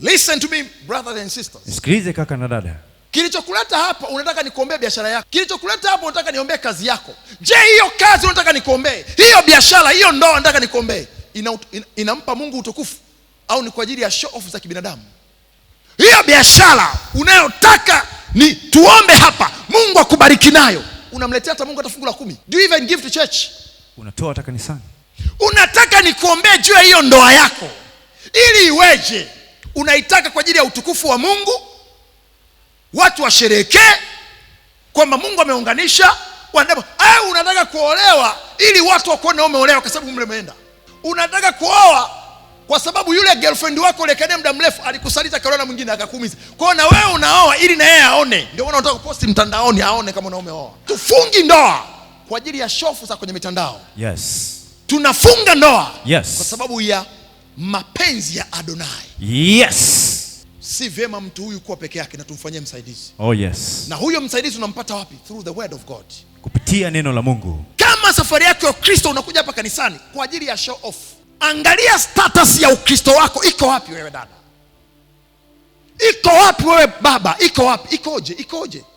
Listen to me brothers and sisters. Nisikilize kaka na dada. Kilichokuleta hapa unataka nikuombee biashara yako. Kilichokuleta hapa unataka niombee kazi yako. Je, hiyo kazi unataka nikuombee? Hiyo biashara, hiyo ndoa unataka nikuombee? Ina, in, inampa Mungu utukufu au ni kwa ajili ya show off za kibinadamu? Hiyo biashara unayotaka ni tuombe hapa, Mungu akubariki nayo. Unamletea hata Mungu hata fungu la kumi. Do you even give to church? Unatoa hata kanisani. Unataka nikuombee juu ya hiyo ndoa yako ili iweje? unaitaka kwa ajili ya utukufu wa Mungu, watu washerekee kwamba Mungu ameunganisha wanadamu. Au unataka kuolewa ili watu wakuone umeolewa kwa sababu mlemeenda. Unataka kuoa kwa sababu yule girlfriend wako ulekane muda mrefu alikusalita, akaolewa mwingine akakuumiza. Kwa hiyo na wewe unaoa ili na yeye aone, ndio maana unataka kuposti mtandaoni aone kama umeoa. Tufungi ndoa kwa ajili ya shofu za kwenye mitandao. Yes, tunafunga ndoa yes, kwa sababu ya mapenzi ya Adonai. Yes. Si vyema mtu huyu kuwa peke yake na tumfanyie msaidizi. Oh yes. Na huyo msaidizi unampata wapi? Through the word of God. Kupitia neno la Mungu. Kama safari yako ya Kristo unakuja hapa kanisani kwa ajili ya show off. Angalia status ya Ukristo wako iko wapi wewe dada? Iko wapi wewe baba? Iko wapi? Ikoje? Ikoje?